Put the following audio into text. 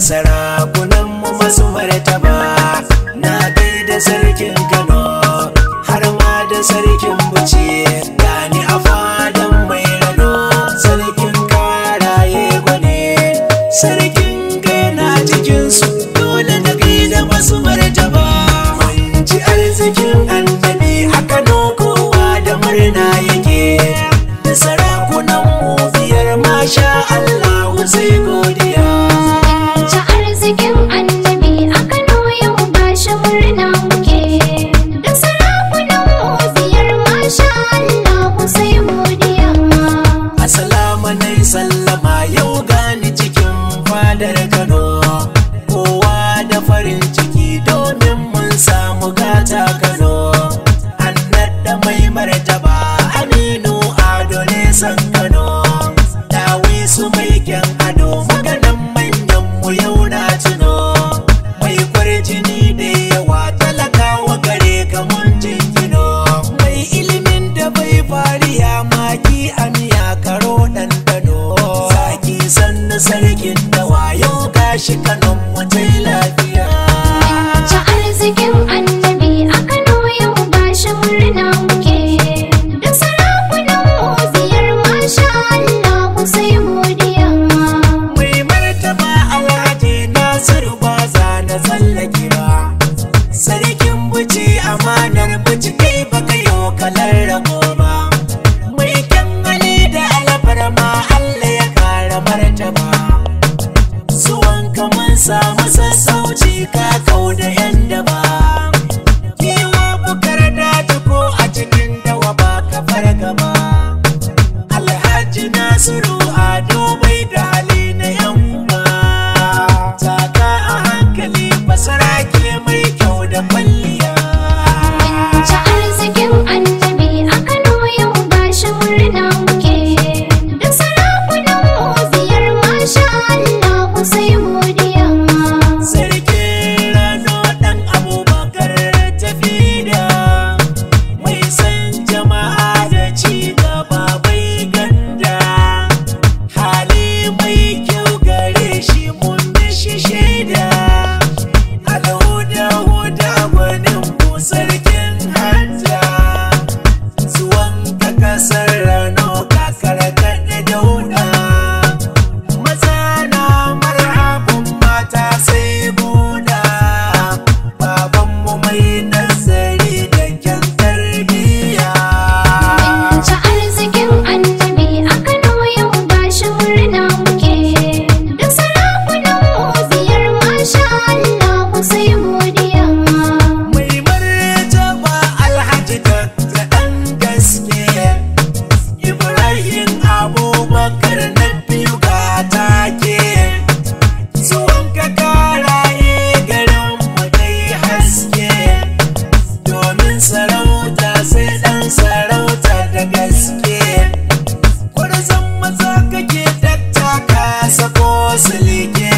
sarakunan mu masu martaba na gaida sarkin Kano har ma da sarkin Buci da farin ciki domin mun samu gata kano annar da mai martaba aminu adole san kano wai su mai kyan ado maganan manyan mu yau na tuno mai kwarjini da yawa talakawa gare ka mun jinkino mai ilimin da bai fariya maki amiya karo ɗanɗano saki san sarkin da wayo gashi kano samu sassauci ka kau da yan daba kiwa bukar daji ko a cikin dawa ba ka fargaba alhaji nasiru ado mai da hali na yan Ta taka a hankali basaraki sako su like